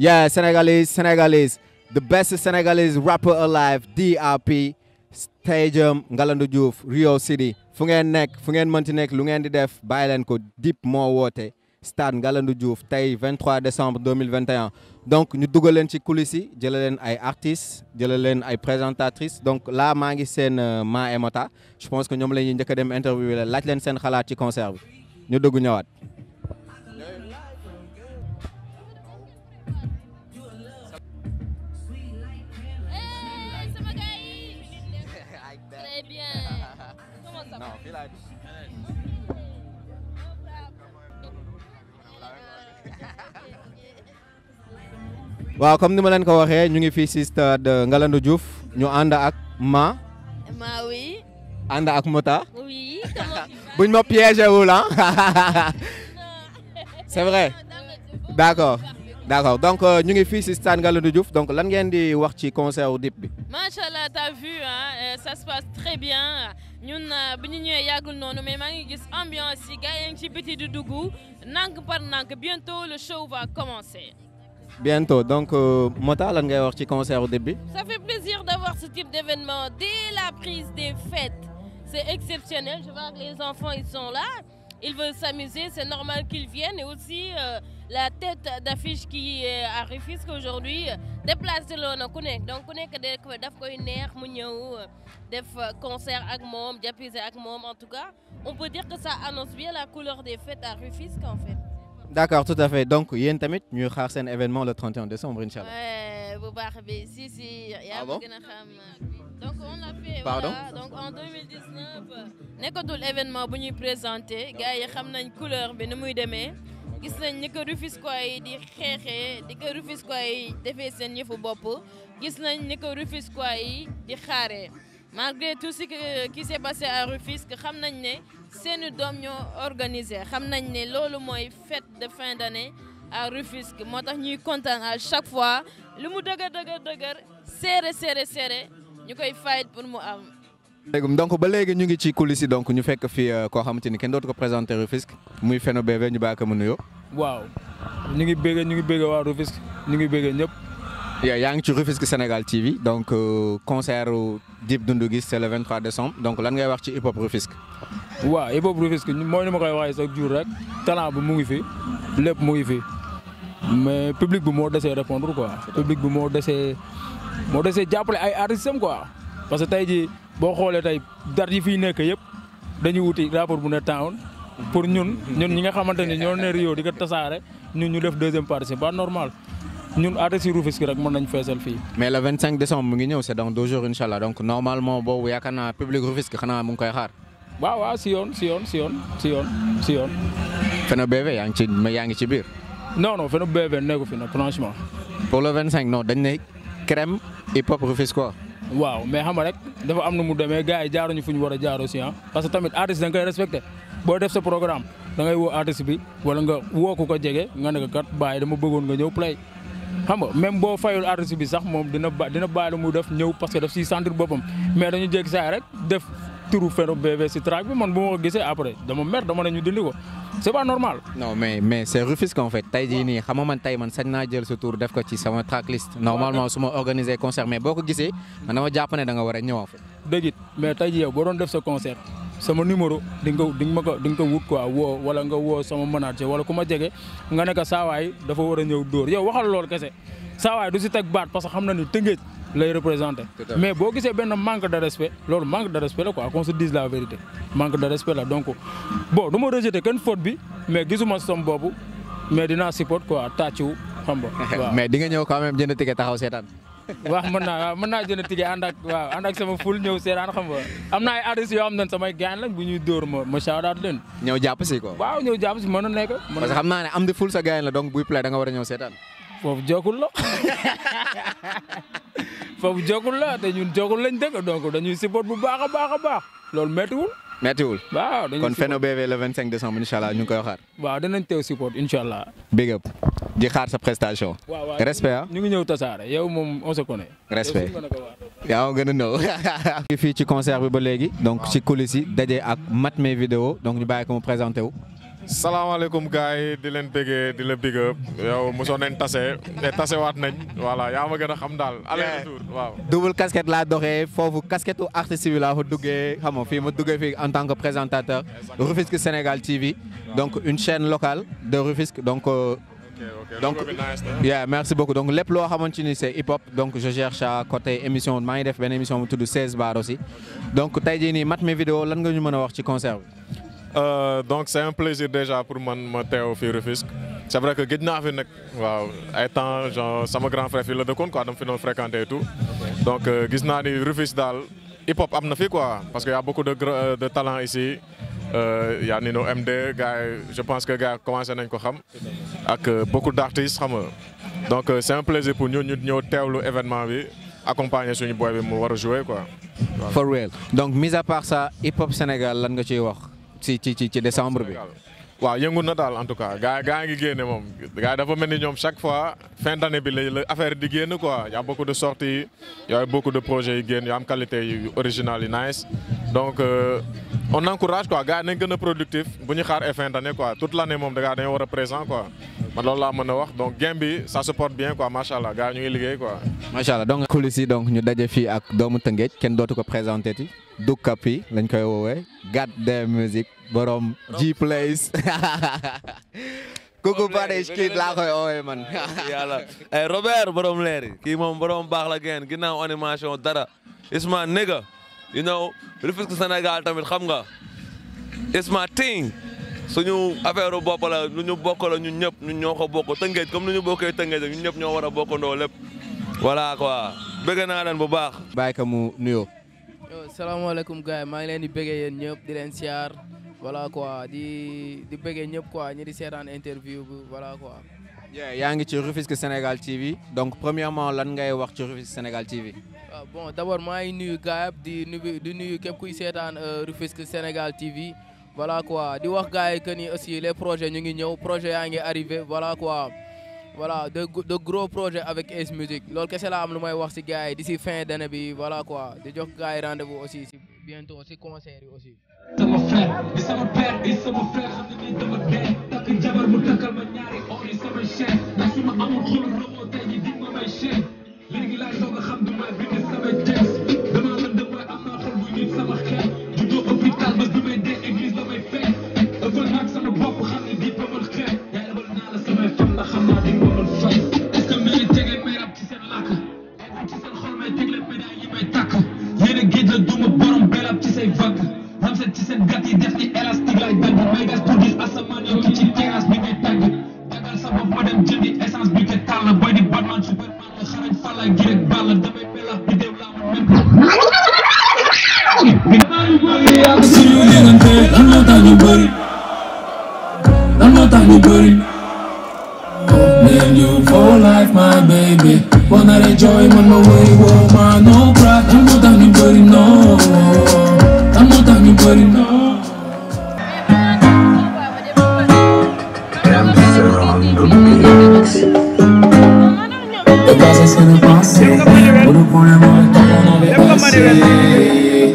Yeah, Senegalese, Senegalese. The best Senegalese rapper alive, DRP. Stadium Ngalandou Diouf Rio City fu ngeen nekk fu ngeen mënti nekk lu ngeen di def bàyyi leen ko Dip moo woote stade Ngalandou Diouf tey 23 décembre 2021 donc ñu dugaleen ci coulisses yi leen ay artistes jëlee leen ay présentatrices donc la maa ngi seen euh, Ma Emota je pense que ñoom la ñuy njëkk dem interview la laaj leen seen xalaat ci concert ñu dugg ñëwaat. Relax. waaw comme ni ma leen ko waxee ñu ngi fii si stade Ngalandou ñu ànd ak ma. ma oui. ak Mota. oui. buñ ma piégé wul ah. c'est vrai d'accord donc euh, ñu ngi fii si stade Ngalandou Diouf donc lan ngeen di wax ci concert wu Dip ñun euh, bi ñu ñëwee yàggul noonu mais maa ngi gis ambiance yi gars yi ngi ci biti di dugg nànk par nànk bientôt le show va commencer. bientôt donc euh, Mota lan ngay wax ci concert au début. ça fait plaisir d'avoir ce type d'événement dès la prise des fêtes c'est exceptionnel je vois que les enfants ils sont là ils veulent s'amuser c'est normal qu'ils viennent et aussi. Euh, la tête d'affiche qui est à Rufisque aujourd'hui déplacé loona ku nekk donc ku nekk de daf koy neex mu ñëw def concert ak moom diapisé ak moom en tout cas on peut dire que ça annonce bien la couleur des fêtes à Rufisque en fait d'accord tout à fait donc yéen tamit ñuy xaar seen événement le 31 décembre inchallah ouais, bu baax bi si si ah a xam donc on l'a fait pardon voilà. donc en 2019 nekkatul événement bu ñuy présenté gars yi xam nañ couleur bi ni muy demee gis nañ ni ko Rufisquois yi di xeexee di ko Rufisquois yi defee seen yëfu bopp gis nañ ni ko Rufisquois yi di xaaree malgré tout ce qui s'est passé à Rufisque xam nañ ne seeni doom ñoo organisé xam nañ ne loolu mooy fête de fin d'année à Rufisque moo tax ñuy kontaan à chaque fois lu mu dëgër dëgër dëgër serré serré serré ñu koy fayit pour mu am. léegi donc ba léegi ñu ngi ci coulisse yi donc ñu fekk fii euh, koo xamante ni kenn dootu ko présenté Rufisque muy Feno BV ñu bàyyi ko mu nuyoo. waaw ñu ngi bëgg ñu ngi bëgg waa Rufisque ñu ngi bëgg ñëpp. yaa ngi ci Rufisque Sénégal TV donc euh, concert Dip Doundou Guiss c'est le 23 décembre donc lan ngay wax ci hip hop Rufisque. waaw hip hop Rufisque mooy ni ma koy waxee chaque jur rek talent bu mu ngi fi lépp mu ngi fi mais public bu moo desee répondre quoi public bu moo desee moo desee jàppale ay artistes am quoi parce que tey ji boo xoolee tey dar yi fiy nekk yëpp dañuy wuti rapport bu ne town pour ñun ñun ñi nga ñun ñu def deuxième partie ba normal ñun artistes yi Rufisque rek mën nañ feesal fii. mais le 25 mu ngi ñëw c'est dans jours incha donc normalement boobu yaakaar naa public Rufisque xanaa mu ngi waaw waaw si yoon si yoon si Feno BV yaa ngi ci biir. non non Feno BV nekku fi nag franchement. pour le 25 dañ ne crème hip hop Rufisque waaw mais xam rek dafa am na mu demee gars yi jaaruñu fu ñu war a jaar aussi ah. boo def sa programme da ngay woo artiste bi wala nga woo ku ko jege nga ne ko kat bàyyi dama bëggoon nga ñëw play xam nga même boo fayul artiste bi sax moom dina ba dina bàyyi lu mu def ñëw parce que daf siy sentir boppam mais dañu jéggi saa rek def turu Fero BB si track man bu ma ko gisee après dama mer dama ne ñu dindi ko c'est pas normal. non mais mais c'est Rufisque en fait tey nii xam nga man tey man sañ naa jël sa tour def ko ci sama tracklist normalement su ma organisé concert mais boo ko gisee man dama jàpp nga war a ñëw en fait. dëgg it mais sama numéro di nga di nga ma ko di ko wut quoi woo wala nga woo sama manager wala ku ma jege nga ne ko saawaay dafa war a ñëw door yow waxal loolu kese saawaay du si teg baat parce que xam na ni tëngéej lay représenté mais boo gisee benn manque de respect loolu manque de respect la quoi qu'on se dise la vérité manque de respect la donc bon du ma rejeté kenn faute bi mais gisuma som boobu mais dinaa support quoi tàcciwu xam nga mais di nga ñëw quand même jënd taxaw seetaan waaw mën naa waaw naa jënd tige ànd ak waaw ànd ak sama ful ñëw seetaan xam nga am naa ay artistes yoo xam ne samay gaan lañ bu ñuy dóor ma ma shout out leen ñëw jàpp ko waaw ñëw jàpp si mën na nekk parce que xam naa ne am di ful sa gaañ la donc buy play da nga war a ñëw seetaan foofu jokkul la foofu jokkul la te ñun jokkul lañ dëkk donc dañuy support bu baax a baax a baax loolu méttiwul mettiwul waaw dañuy kon Feno BV le 25 décembre incha allah ñu ngi koy xaar. waaw danañ teew support incha allah. big up di xaar sa prestation. waaw waaw respect ah ñu ngi ñëw tasaare yow moom on se connaît. respect yaa ngi gën a ñëw. fii ci concert bi ba léegi donc ci coulisses yi daje ak mat Matmé vidéo donc ñu bàyyi ko mu présenté wu. salaamaaleykum gars yi di leen bëggee di la big up yow mosoon nañ tase te tasewaat nañ voilà yaa ma gën a xam daal. aller retour waaw. double casquette laa doxee foofu casquette artiste bi laa fa duggee xam nga fii ma duggee fi en tant que présentateur. Rufisque Sénégal TV. donc une chaîne local de Rufisque donc. Euh, donc yeah merci beaucoup donc lépp loo xamante ni c'est hip hop donc je cherche à émission maa ngi def ben émission bu tudd 16 bar aussi. donc tey jii nii mat mi vidéo lan nga ñu mën a wax ci concert Euh, donc c'est un plaisir déjà pour man ma teew fii Rufisque c'est vrai que gëj naa fi nag waaw ay temps genre sama grand frère fii la dëkkoon quoi fi doon fréquenter et tout donc euh, gis naa ni Rufisque daal hip hop am na fi quoi parce que y a beaucoup de euh, de talent ici y a Nino MD gars je pense que gars yi commencé nañ ko xam ak beaucoup d'artistes xam nga donc c'est un plaisir pour ñun ñu ñëw lu événement bi accompagner suñu boy bi mu war a jouer quoi. for donc mis à part ça hip Sénégal lan nga ciy wax. ci ci ci décembre bi. waaw yëngu na daal en tout cas gaa gaa ngi génne moom gaa dafa mel ni ñoom chaque fois fin d'année bi la affaire di génn quoi y a beaucoup de sorties y a beaucoup de projets yu génn yu am qualité yu original yu nice donc euh, on encourage quoi gaa nañ gën a productif bu ñu xaar fin d'année quoi toute l'année moom gaa dañoo war a présent quoi man loolu laa mën a wax donc game bi ça se porte bien quoi macha allah gaa liggéey quoi. macha allah donc coulisses yi donc ñu daje fii ak doomu Tëngéej ko présenté ti Dukapi lañ koy goddamn music borom G Place kooku Farish kii laa koy oowee man. yàlla ay Robert borom leeri kii moom borom baax la geen ginnaaw animation dara Isma nigga you know Rufisque Sénégal tamit xam nga Isma ting suñu affaire bopp la lu ñu bokk la ñun ñëpp ñun ñoo ko bokk tëngeej comme ni ñu bokkee tëngeej ñun ñëpp ñoo war a bokkandoo lépp voilà quoi bëgg naa leen bu baax. bàyyi ko mu nuyoo. salaamaaleykum gars yi maa ngi leen di bëggee yéen ñëpp di leen siyaar voilà quoi di di bëggee ñëpp quoi ñi di seetaan interview bi voilà quoi. yaa ngi ci Rufisque Sénégal TV donc premièrement lan ngay wax ci Rufisque Sénégal TV. Ah, bon d' abord maa ngi nuyu gars di nuyu di nuyu képp kuy seetaan euh, Rufisque Sénégal TV voilà quoi di wax gars yi que ni aussi les projet ñu ngi ñëw projet yaa ngi arrivé voilà quoi. voilà de de gros projets avec Ace Music loolu kese laa am lu may wax ci gars yi d'ici fin d'année bi voilà quoi di jox gars yi rendez-vous aussi ci bientôt ci concert yi aussi. sama frère di sama père di sama frère xam ne nii dama dee takk jabar mu takkal ma ñaari or yi sama chef ndax su ma amul xolu robo tey ji di ma may chef léegi laa soog a xam du ma bind sama texte. bu bëri need you for life my baby wanna enjoy man ma wëy woo ma no pride lan moo tax ñu bëri no lan moo tax ñu bëri no Dépassé c'est le passé, pour le problème temps on avait passé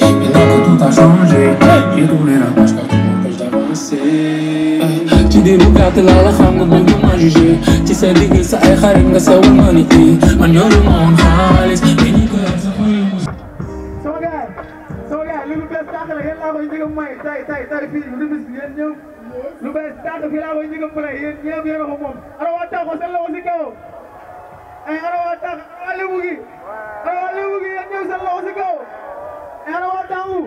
Maintenant que tout a changé, j'ai tourné la page car tout m'empêche d'avancer idée bu gàtt laa la xam nga bëgg ma jugé ci sa digg sa ay xarit nga sawul ma nit yi man yoru ma woon xaalis te ñi ko yar sa xol mu sama gaay sama gaay lu bees tàq la yéen laa koy njëkk a may tay tay tay fii lu bis yéen ñëw lu bees tàq fii laa koy njëkk a may yéen ñëpp yéen a ko moom ana waa tàq ko seen loxo si kaw ay ana waa tàq ana waa lébu gi ana waa lébu gi yéen ñëw seen loxo si kaw ana waa tàngu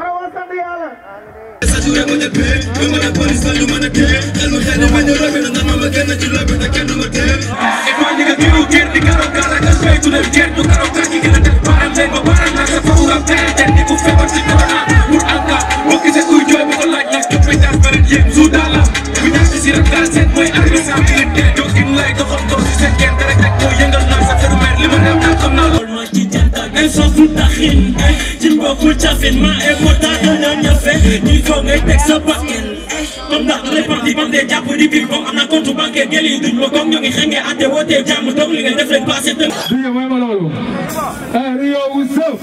ana waa sant yàlla ci nga mën a pee nga mën a polis la ñu mën a tee xel mu xel ni bañ a robe na nan ma génn ci lobe te kenn du ma tee e ko ñi nga tiru géer di karaw kala nga soy tu dem géer du karaw ka ñi gën a def baram leen ba baram nag sa fawu am teel teel ni ku feebar ci corona mu anka boo gisee kuy jooy ba ko laaj nag jot bi taas bëri yéen su daala bu ñàkk si rek daal seen mooy agressant soosu taxin eh, ci mbokku cafin ma e mota dana ñafe ni ko ngay teg sa bakkan eh. comme ndax lay parti bam dee jàpp ma gom ñoo ngi xenge ate wootee jàmm toog li nga def rek passé tënk Rio mooy ma loolu eh, Rio what's up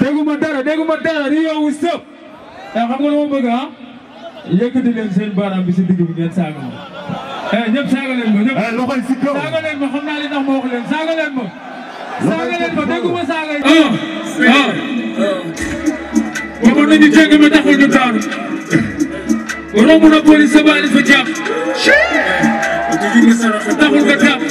dégguma a dégguma dara Rio what's up xam nga lu ma bëgg ah yëkkati leen seen baaraam bi si digg bi ngeen saaga ma ñëpp ma ñëpp saaga leen ma xam naa li saaga leen ko dégguma saaga yi. ah waaw. Ah. waxoon nañu jéeg mi taxul ñu daanu. romb na police sa baalis fa jàpp. taxul nga jàpp.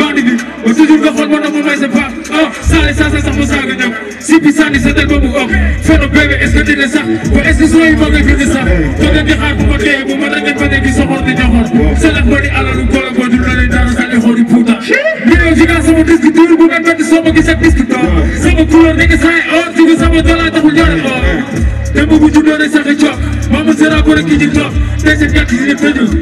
bandi bi ba toujours nga xool ma ne ma may sa baax ah saa yi saa sax ma saaga ñëpp. si bi sànni sa dëkk boobu ok fenn bébé est-ce que dina sax ba est-ce que soo yi bëgg dina sax toog a xaar bu ma dee bu ma dangeen ba nekk soxor di joxoon salax ba di alalu góor a góor du la leen dara ka joxoon di puuta million si gaa sama disque tuuru bu mel benn soo ma gisee disque toog sama couleur nekk saa yi or si sama dollar taxul ñor or dem bu juddoo ne sax a coob maamu sera ko rek ki ci toog te seen ñàkk si ne tëju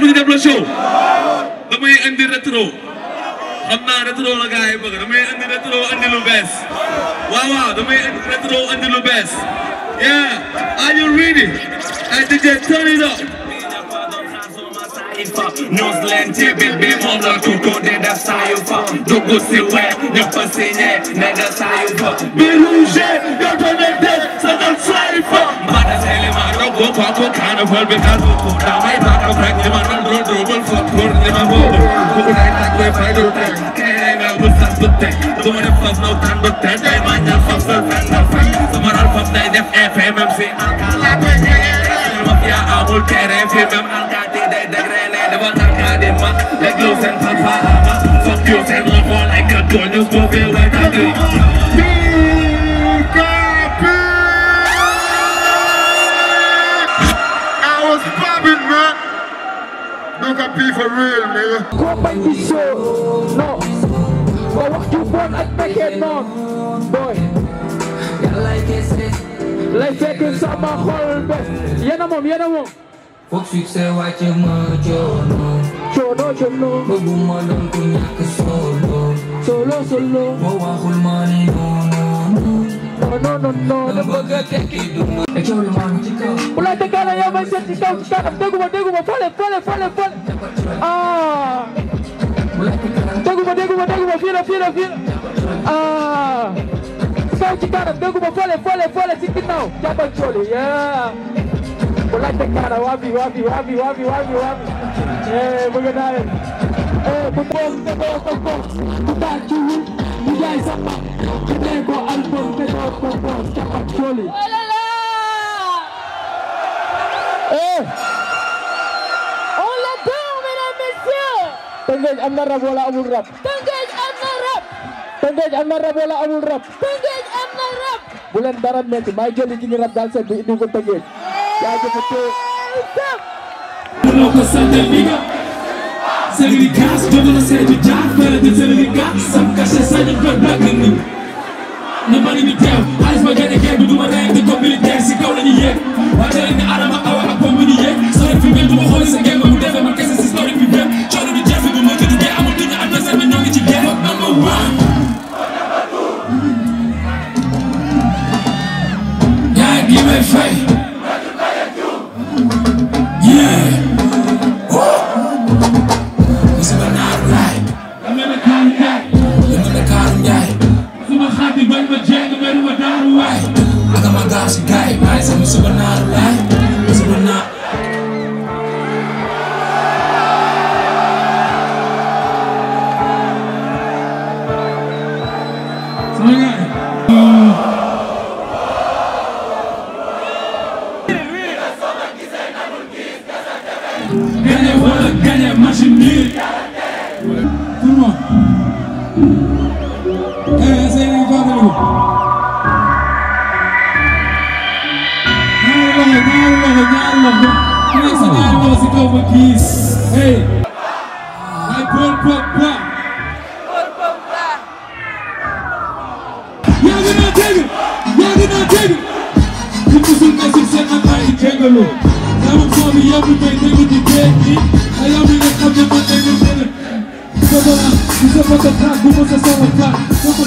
yéen bu ñu def la show damay indi rétro xam naa rétro la gars yi bëgg damay indi rétro indi lu bees waaw waaw damay indi rétro indi lu bees yeah are you ready? I DJ turn it up it fa ñoos leen ci bil bi moom la tuutoo de def saa yu fa dugg si weer ñëpp signé ne def saa yu fa biluje yoto ne des sa dal saa yu fa mbada seli ma rogo koko kaana fol bi kaal boko damay baaka frak ni ma non do do bol fo pour ni ma boobu ku lay tak we fay do tek kere nga bu sax bu tek du ma def fas naw tan du tek day ma ñal fas sal fen na fen sama ral fas day def FM si alkala koy jege ma fiya amul tere fi même alkala Antônio Gouveia é da grita. Duka P for real, nigga. Koo bañ di soo, non. Ba waxtu bon ak pekkee noon, boy. Lay fekk sama xol bés. Yéen a moom, yéen a moom. Foog succès wàcce ma coono. Coono, coono. Bëgguma doon ku ñàkk solo. solo solo moo waxul maa ni non non non non da bëgg a tekki duma e coow lu maa ci kaw bu la dëggaale yow may seet ci kaw ci kanam dégguma dégguma fole fole fole fole ah dégguma dégguma dégguma fii la fii la fii la ah kaw ci kanam dégguma fole fole fole ci ginnaaw jàppal cooli yeah bu la dëggaale waabi waabi waabi waabi waabi waabi eh bëgg naa leen bu boos te doo ko boos bu tàccuwul bu jaay sa pap te dee ko album te doo ko boos ca pap joli on l'adore mesdames messieurs Tëngéej am na rab wala amul rab Tëngéej am na rab Tëngéej am na rab wala amul rab Tëngéej am na rab bu leen dara metti maa jëli ji ñu rab daal seen bi indi ko Tëngéej yaa jëfa tee 70 gas jóge na seet bi jaar fële de 70 gas sam kase sañu bët dagg a gën life. I got my guys, you got it, guys. I'm super not alive. I'm super not. Gagne, voilà, gagne, machine nulle. Tout le monde. Eh, c'est une fois de l'eau. ñaar la mooy sa ñaar moo si kaw ma gis hey ay Paul Pogba Paul Pogba yaa ngi naa dégg yaa ngi naa dégg bu musul ne si seen na bàyyi jégalu damam soo bi yóbbu may dégg di géej gi ay yow mi nga xam ne man dégg dégg ko doon bu sa foto taag bu ma sa sama taag